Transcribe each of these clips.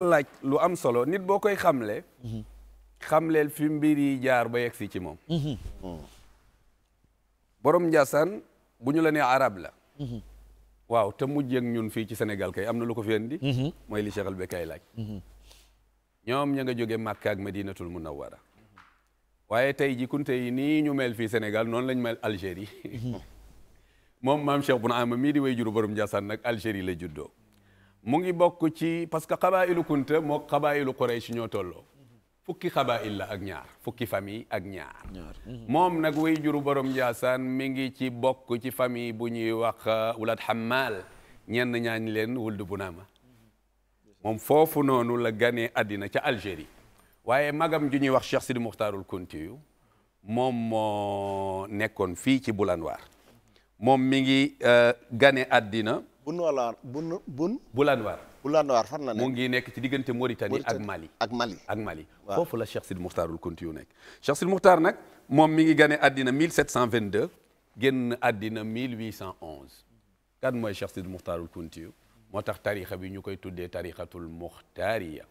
laaj lu am solo nit boo koy xamle mhm. xamleel fi mbir yi jaar ba yegg ci moom mhm. Mhm. borom njasan bu ñu la nee arab la waaw te mujj ak ñun fii ci senegal kay am na lu ko fi indi mooy li Cheikh al Bekkay laaj ñoom ña nga jóge Makka ak Madinatul Munawwara waaye tey ji kunte yi nii ñu mel fii Sénégal noonu lañ mel Algérie moom maam Cheikh Bouna Ama mii di way juru borom Ndiassane nag Algérie la juddoo mu ngi bokk ci parce que xabaayilu kunta moo xabaayilu quraysh ñoo tolloo fukki xabaayil ak ñaar fukki famille ak ñaar mhm. moom nag way juru borom njaasaan mi ngi ci bokk ci famille bu ñuy wax euh, wulaat xamaal ñenn ñaañ leen wuldu bu naama moom foofu noonu la ganee àddina ci Algérie waaye magam ju ñuy wax Cheikh Sidi Muxtaarul Kunti yu moom moo nekkoon fii ci Bulanwaar moom mi ngi euh, gane àddina Bunwaar Bun Bun. Bulanwaar. Bulanwaar fan la nekk mu ngi nekk ci diggante Mauritanie ak Mali. ak Mali ak Mali. waaw foofu la Cheikh Sidi Moukhtarul Kounti yu nekk. Cheikh Sidi Moukhtar nag moom mi ngi gane àddina 1722 génn àddina 1811 kan mooy Cheikh Sidi Moukhtarul Kounti yu moo tax tarixa bi ñu koy tuddee tarixatul Moukhtaariya.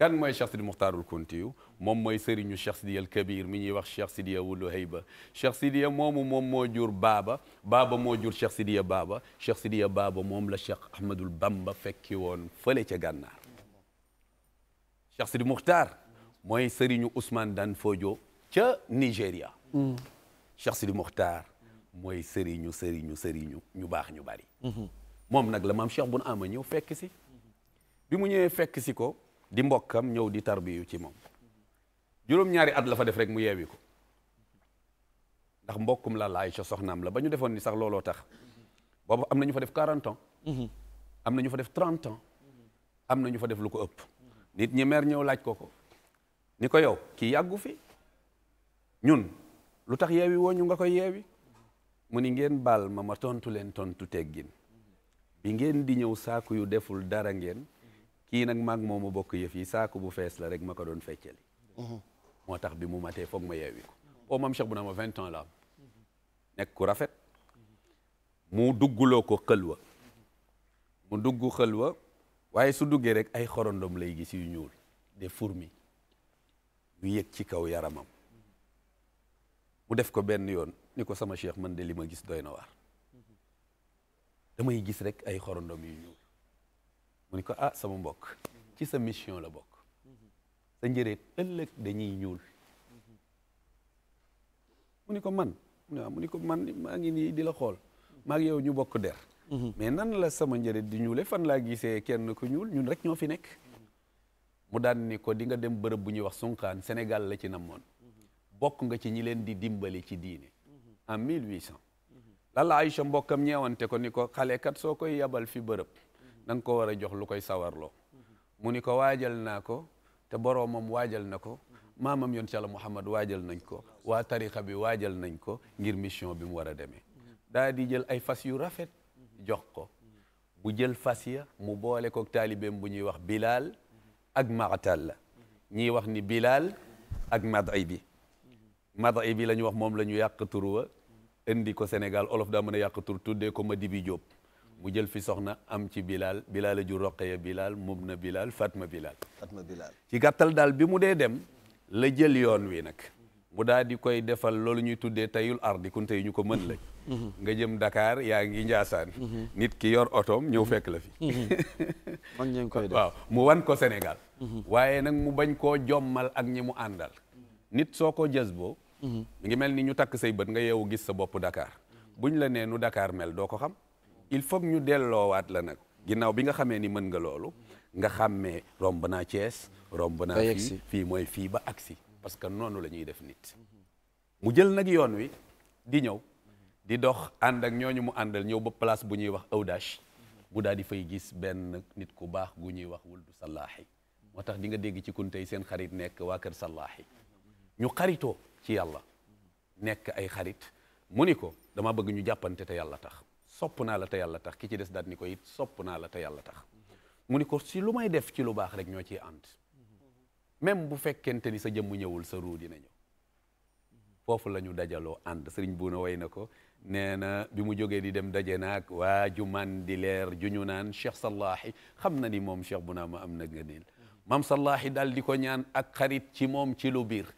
kan mooy Cheikh Sidi Muxtaarul Kuntiyu moom mooy sëriñu Cheikh Sidiyal Kabir mi ñuy wax Cheikh Sidiya wulu hayba Cheikh Sidiya moomu moom moo jur baaba baaba moo jur Cheikh Sidiya baaba Cheikh Sidiya baaba moom la Cheikh Ahmadul Bamba fekki woon fële ca gànnaar Cheikh Sidi Muxtaar mooy sëriñu Ousmane Dan Fodio ca Nigéria mm. Cheikh Sidi mooy sëriñu sëriñu sëriñu ñu baax ñu bari mm-hmm. moom nag la maam Cheikh Bun Ama ñëw fekk bi mu ñëwee fekk ko di mbokkam ñëw di tarbiyu ci moom juróom-ñaari at la fa def rek mu yeewi ko ndax mbokkum la laay ca soxnaam la ba ñu defoon ni sax looloo tax boobu am na ñu fa def 40 mhm. am na ñu fa def 30 na ñu fa def lu ko ëpp nit ñi meer ñëw laaj ko ko ni ko yow kii yàggu fi ñun lu tax yeewi woo ñu nga koy yeewi mu ni ngeen baal ma ma tontu leen tontu teggin bi ngeen di ñëw saaku yu deful dara ngeen kii nag maag moomu bokk yëf yi saako bu fees la rek ma ko doon feccali mhm. moo tax bi mu matee foog ma yeewi ko o maam Cheikh bu na ma vingt ans la nekk ku rafet mu dugguloo ko xëlwa mu dugg xëlwa waaye su duggee rek ay xorondom lay gis yu ñuul des fourmis yu yëg ci kaw yaramam mu def ko benn yoon ni ko sama cheikh man de li ma gis doy na waar damay gis rek ay xorondom yu ñuul mu ni ko ah, sama mbokk ci sa mission la bokk sa njëreet ëllëg dañuy ñuul mu ni ko man waaw mu ni ko man maa ngi nii di la xool maa ngi yow ñu bokk der mais nan la sama njëreet di ñuule fan laa gisee kenn ku ñuul ñun rek ñoo fi nekk mu daan ni ko di nga dem bërëb bu ñuy wax sunkaan Sénégal la ci namoon bokk nga ci ñi leen di dimbali ci diine en 1800 lala Aïcha mbokkam ñeewante ko ni ko xale kat soo koy yabal fi bërëb danga ko war a jox lu koy sawarloo mu ni ko waajal naa ko te boroomam waajal na ko maamam yoon ci Yàlla Muhammad waajal nañ ko waa tarixa bi waajal nañ ko ngir mission bi mu war a demee daa di jël ay fas yu rafet jox ko bu jël fas ya mu boole ko taalibeem bu ñuy wax Bilal ak Maatal la ñiy wax ni Bilal ak Maday bi Maday bi la wax moom la ñu yàq tur wa indi ko Sénégal olof daa mën a yàq tur tuddee ko ma dibi Diop mu jël fi soxna am ci Bilal Bilal ju Roqeya Bilal Mubna Bilal Fatma Bilal. Fatma Bilal ci gàttal daal bi mu dee dem la jël yoon wi nag. mu daal di koy defal loolu ñuy tuddee teyul ardi kunte ñu ko mën lañ. nga jëm dakaar yaa ngi Njaasaan. nit ki yor otoom ñëw fekk la fi. mag ñi mu wan ko senegal waaye nag mu bañ koo jommal ak ñi mu àndal. nit soo ko jës mhm. ngi mel ni ñu takk say bët nga yeewu gis sa bopp Dakar. buñ la nee nu dakaar mel doo ko xam. il faut ñu delloowaat la nag ginnaaw bi nga xamee ni mën nga loolu nga xàmmee romb naa Thiès romb naa fii fii mooy fii ba agsi parce que noonu la ñuy def nit mu jël nag yoon wi di ñëw di dox ànd ak ñooñu mu àndal ñëw ba place bu ñuy wax Awdash mu daal di fay gis benn nit ku baax gu ñuy wax wuldu sallaaxi moo tax di nga dégg ci kuntey seen xarit nekk waa kër sallaaxi ñu xaritoo ci yàlla nekk ay xarit mu ni ko dama bëgg ñu jàppante te yàlla tax sopp naa la te yàlla tax ki ci des daal ni ko it sopp naa la te yàlla tax mu ni ko si lu may def ci lu baax rek ñoo ciy ànd même bu fekkente ni sa jëmm ñëwul sa ruu dina ñëw foofu la ñu dajaloo ànd sëriñ Buuna way na ko nee na bi mu jógee di dem daje naag waa ju man di leer ju ñu naan Cheikh Sallahi xam na ni moom bu naa ma am na ngëneel maam Sallahi daal di ko ñaan ak xarit ci moom ci lu biir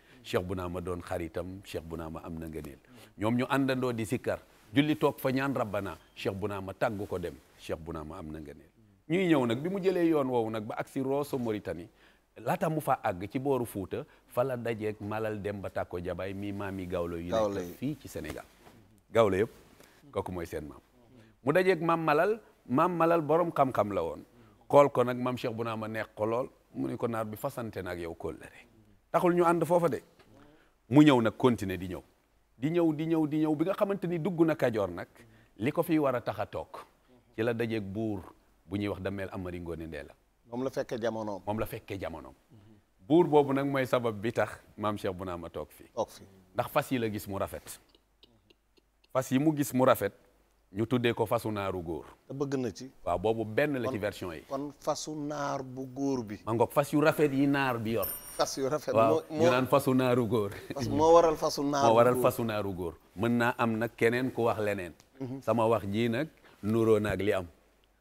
bu naa ma doon xaritam Cheikh Bunaama am na ngëneel ñoom àndandoo di sikkar julli toog fa ñaan rabbana cheikh bunaama tàggu ko dem cheikh bunaama am nanga nga ñuy ñëw nag bi mu jëlee yoon woowu nag ba agsi Rosso Mauritanie laata mu fa àgg ci booru Fuuta fa la dajeeg Malal Demba Tàkko Jabaay mii maam yi gawlo yu nekk fii ci Sénégal gawlo yëpp kooku mooy seen maam mu dajeeg maam Malal maam Malal borom xam-xam la woon xool ko nag maam Cheikh Bunaama neex ko lool mu ne ko naar bi fasante na ak yow kóllëre taxul ñu ànd foofa de mu ñëw nag continuer di ñëw di ñëw di ñëw di ñëw bi nga xamante ni dugg na Kajoor nag li ko fi war a tax a toog ci la dajeeg buur bu ñuy wax Dameel Amari Ngoone la moom la fekkee jamonoom moom la fekkee jamonoom buur boobu nag mooy sabab bi tax maam Cheikh Bounama toog fi toog fi ndax fas yi la gis mu rafet fas yi mu gis mu rafet ñu tuddee ko fasu naaru góor. bëgg na ci. waaw boobu benn la ci yi. kon fasu naar bu góor bi. ma ngoog fas yu rafet yi naar bi yor. fas yu rafet moo ñu naan fasu naaru góor. parce moo waral fasu naaru góor waral fasu naaru góor. mën naa am nag keneen ku wax leneen. Mhm. sama wax jii nag nuroo nag li am.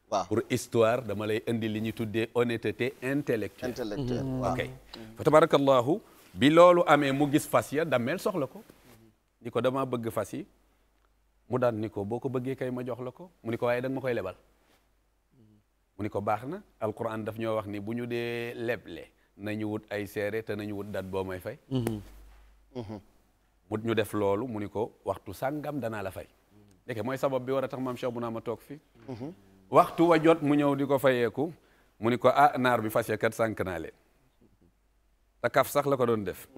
waaw pour histoire dama lay indi li ñu tuddee honnêteté intellectuelle. intellectuelle mhm. waaw ok. fa tabarakallahu bi loolu amee mu gis fas ya dammel soxla ko. Mhm. ni ko dama bëgg fas yi. mu daan ni ko boo ko bëggee kay ma jox la ko mu ni ko waaye da ma koy lebal mu ni ko baax na alquran daf ñoo wax ni bu ñu dee leble nañu wut ay seere te na ñu wut dat boo may fay mu mhm. mhm. ñu def loolu mu ni ko waxtu sàngam danaa la fay ndeke mooy sabab bi war a tax maam Cheikh bu naa ma toog fi mhm. waxtu wa jot mu ñëw di ko fayeeku mu ni ko ah naar bi fas ya kat sànk naa leen te kaf sax la ko doon def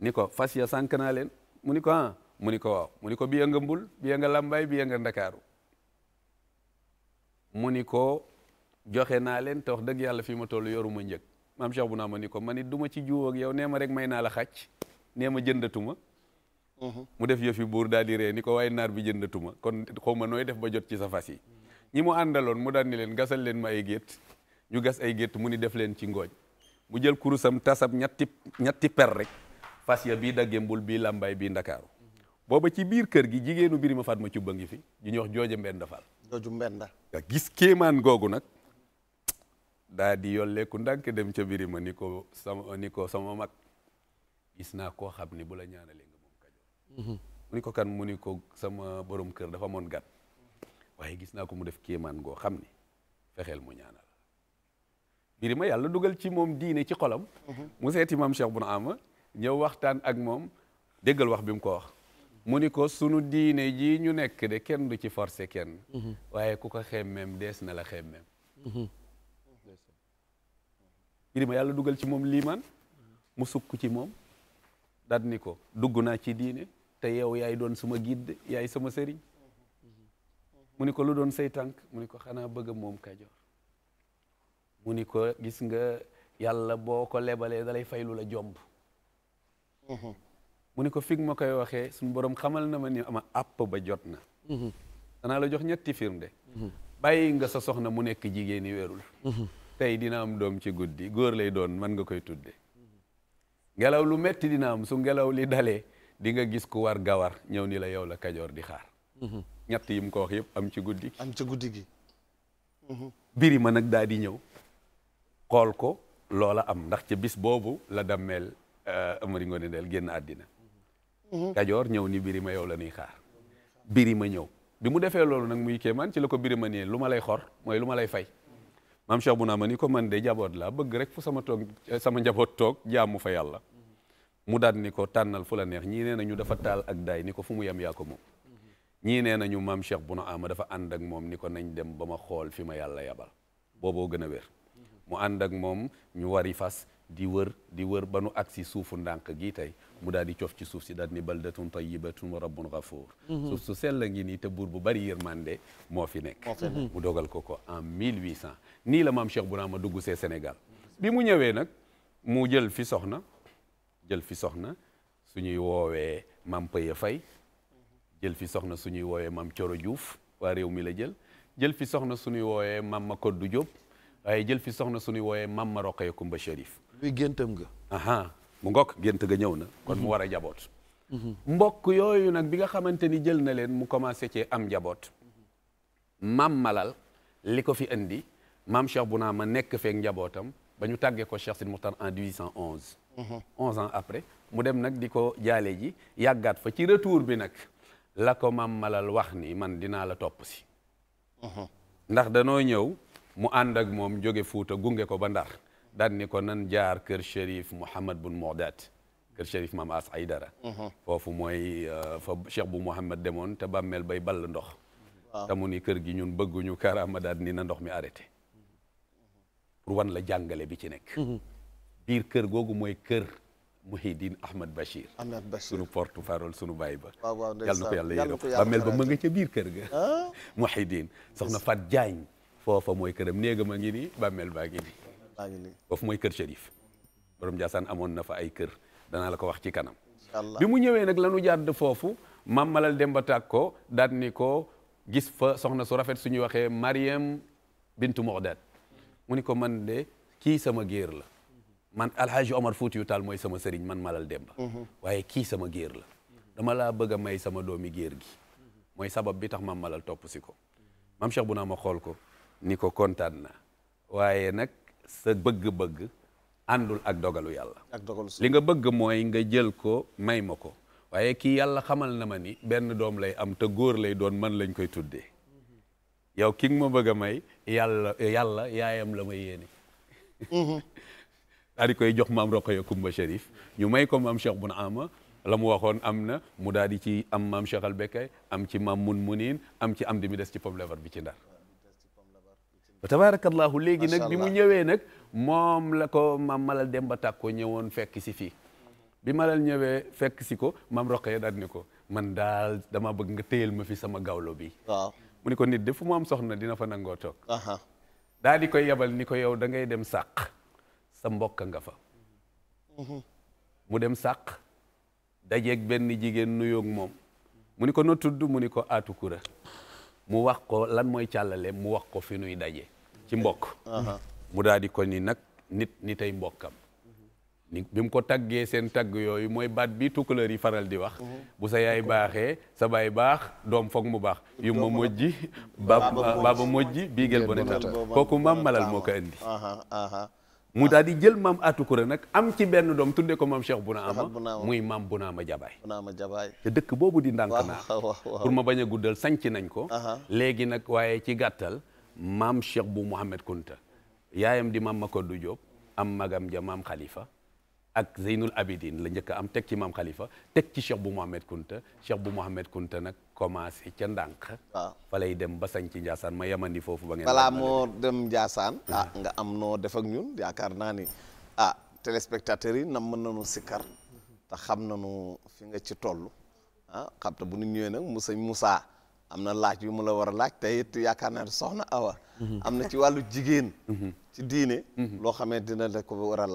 ni ko fas ya sànk naa leen mu ni ko ah mu ni ko waaw mu ni ko bi nga mbul bi nga lambay bi nga ndakaaru mu ni ko joxe naa leen te wax dëgg yàlla fi ma toll yoruma njëg maam Cheikh bu naa ma ni ko man it duma ci juwoo ak yow nee ma rek may naa la xàcc nee ma jëndatuma mhm. mu def yëf yi buur daal di ree ni ko waaye naar bi jëndatuma kon xaw ma nooy def ba jot ci sa fas yi ñi mu àndaloon mu daan ni leen gasal leen ma ay gétt ñu gas ay gétt mu ni def leen ci ngooñ mu jël kurusam tasab ñetti per rek fas ya bii daggembul bii làmbaay bii ndakaaru booba ci biir kër gi jigéenu Birima Fatma Cubba ngi fi ñu ñuy wax jooja Mbenda Fall jooju Mbenda nga gis kéemaan googu nag daa di yolleeku ndànk dem ca Birima ni ko sama sama mag gis naa ko xam ni bu la ñaanalee nga moom kajoor mhm. ko kan mu ni ko sama borom kër dafa moon gat waaye gis naa ko mu def kéemaan goo xam ni fexeel mu ñaanal Birima yàlla dugal ci moom diine ci xolam mhm. mu seeti maam Cheikh Bouna Ama ñëw waxtaan ak moom déggal wax bi mu ko wax mu ni ko sunu diine jii ñu nekk de kenn du ci force kenn mhm. waaye ku ko xemmem dees na la xemmem birima mhm. yàlla dugal ci moom liimaan mu sukk ci moom daat ni ko dugg naa ci diine te yow yaay doon suma guide yaay sama sëriñ mu ni ko lu doon say tànk mu ni ko xanaa bëgg moom kajoor mu ni ko gis nga yàlla boo ko lebalee dalay fay lu la jomb mhm. mu ne ko fig ma koy waxee suñu boroom xamal na ma ni ama àpp ba jot na mhm. danaa la jox ñetti firnde mhm. bàyyi nga sa soxna mu nekk jigéen yi wérul mhm. tey dina am doom ci guddi góor lay doon mën nga koy tudde ngelaw lu metti dina am su ngelaw li dalee di nga gis ku war gawar ñëw ni la yow la kajoor di xaar ñett yi mu ko wax yëpp am ci guddi am ci guddi gi biri ma nag daal di ñëw xool ko loola am ndax ci bis boobu la dammeel euh, Amari Ngoone Ndeel génn àddina Mhm. Kajoor ñëw ni Birima yow la ñuy xaar Birima ñëw bi mu defee loolu nag mu muy kéemaan ci la ko Birima nee lu ma lay xor mooy lu ma lay fay maam Cheikh Bouna ma ni ko man de jaboot laa bëgg rek fu sama toog sama njaboot toog jaamu fa yàlla mu daal ni ko tànnal fu la neex ñii nee nañu dafa taal ak daay ni ko fu mu yem yaa ko ñii nee nañu maam Cheikh Bouna Ama dafa ànd ak moom ni ko nañ dem ba ma xool fi ma yàlla yabal booboo gën a wér mu ànd ak moom ñu wari fas di wër di wër ba nu agsi suufu ndànk gi tey mu daal di cof ci suuf si daal ni baldatun tayyibatun wa rabbun ghafuur mhm. suuf su sell ngi nii te buur bu bari yërmande moo fi nekk mu dogal ko ko en 1800 nii la maam Cheikh Bounama dugg see Sénégal bi mu ñëwee nag mu jël fi soxna jël fi soxna suñuy woowee maam Paye Faye jël fi soxna suñuy woowee maam Coro Diouf waa réew mi la jël jël fi soxna suñuy woowee maam Makoddu Diop waaye jël fi soxna suñuy woowee maam Maroqee Kumba Chérif luy géntam nga aha mu ngokk gént ga ñëw na kon mu war a jaboot mbokk yooyu nag bi nga xamante ni jël na leen mu commencé ce am njaboot mam malal li ko fi indi maam naa ma nekk feek njabootam ba ñu tàggee ko Cheikh Sidi Mokhtar en 1811 11 ans après mu dem nag di ko jaale ji yàggaat fa ci retour bi nag la ko maam malal wax ni man dinaa la topp si ndax danoo ñëw mu àndak moom jóge Fuuta gunge ko ba ndax daan ni ko jaar kër Cherif Mouhamed bun Modaat kër Cherif maam As Aydara mhm. foofu mooy euh, fa Cheikh bu Mouhamed demoon te bàmmeel bay ball ndox te mu ni kër gi ñun bëgguñu karama daan ni na ndox mi arrêté pour wan la jàngale bi ci nekk mhm. biir kër googu mooy kër Muhyiddin Ahmed Bachir Ahmed Bachir sunu porte parole sunu baay ba yàlla na ko yàlla yërëm bàmmeel ba ma nga ca biir kër ga ah. Muhyiddin soxna Fat Diagne foofa mooy këram néega ma ngi nii bàmmeel baa ngi nii foofu mooy kër Chérif borom Ndiassane amoon na fa ay kër danaa la ko wax ci kanam bi mu ñëwee nag la ñu jàdd foofu maam Malal Demba Tàkk ko daat ni ko gis fa soxna su rafet su suñuy waxee Mariam Bintu Moxdaat mu ni ko man de kii sama géer la man alhaaji Omar Fuutiyu Taal mooy sama sëriñ man Malal Demba mhm. waaye kii sama géer la dama laa bëgg may sama doomi géer gi mooy sabab bi tax maam Malal topp si ko maam Cheikh bu naa ma xool ko ni ko kontaan na waaye sa bëgg-bëgg àndul ak dogalu yàlla ak dogalu li nga bëgg mooy nga jël ko may ma ko waaye kii yàlla xamal na ma ni benn doom lay am te góor lay doon man lañ koy tuddee yow ki nga ma bëgg a may yàlla yàlla yaayam la ma yéene mhm. daal koy jox maam Rokhaya Kumba Chérif ñu may ko maam Cheikh Bun Ama la mu waxoon am na mu daal di ci am maam Cheikh Albekay am ci maam Mun Munin am ci am di mi des ci pomme de Var bi ci ndar ba tabaarakallaahu léegi nag bi mu ñëwee nag moom la ko maam Malal Demba Tàkko ñëwoon fekk si fii bi Malal ñëwee fekk si ko mam Roqee daal ni ko man daal dama bëgg nga téyel ma fi sama gawlo bi mu ni ko nit de fu mu am soxna dina fa nangoo toog daal di koy yebal ni ko yow da dem sàq sa mbokk nga fa mhm. mu dem sàq dajeeg benn jigéen nuyoog moom mu ni ko noo mu ni ko aatu kura mu wax ko lan mooy càllale mu wax ko fi nuy daje ci mbokk mu daal di ko ni nag nit nitay mbokkam ni bi mu ko taggee seen tagg yooyu mooy baat bi tukkuleur yi faral di wax mhm. bu sa yaay baaxee sa baay baax doom foog mu baax yu ma mojji ba baaba mojji bii gel boneta kooku maam malal moo ko indi mu daal di jël maam Atou Kouré nag am ci benn doom tudde ko maam Cheikh Bunaama muy maam Bunaama Jabaay Bunaama Jabaay te dëkk boobu di ndànk naa pour ma bañ a guddal sanc nañ ko léegi nag waaye ci gàttal maam Cheikh bu Mouhamed Kunta yaayam di maam Makoddu Diop am magam ja maam Khalifa ak Zeynul Abidin la njëkk am teg ci maam Khalifa teg ci cheikh bu Mohamed Kunta cheikh bu Mohamed Kunta nag commencé ca ndànk. waaw fa dem ba sañ ci Ndiassane ma yemandi foofu. ba ngeen balaa moo dem Ndiassane. Mhm. ah nga am noo def ak ñun yaakaar naa ni ah téléspectateurs yi nam mën nañu sikkar ta xam nañu fi nga ci toll ah xam bu nu ñëwee nag Moussa Moussa am na laaj yu mu la wara a laaj te it yaakaar naa ne soxna Awa. Mhm. am na ci wàllu jigéen. Mhm. ci diine. loo xamante ne da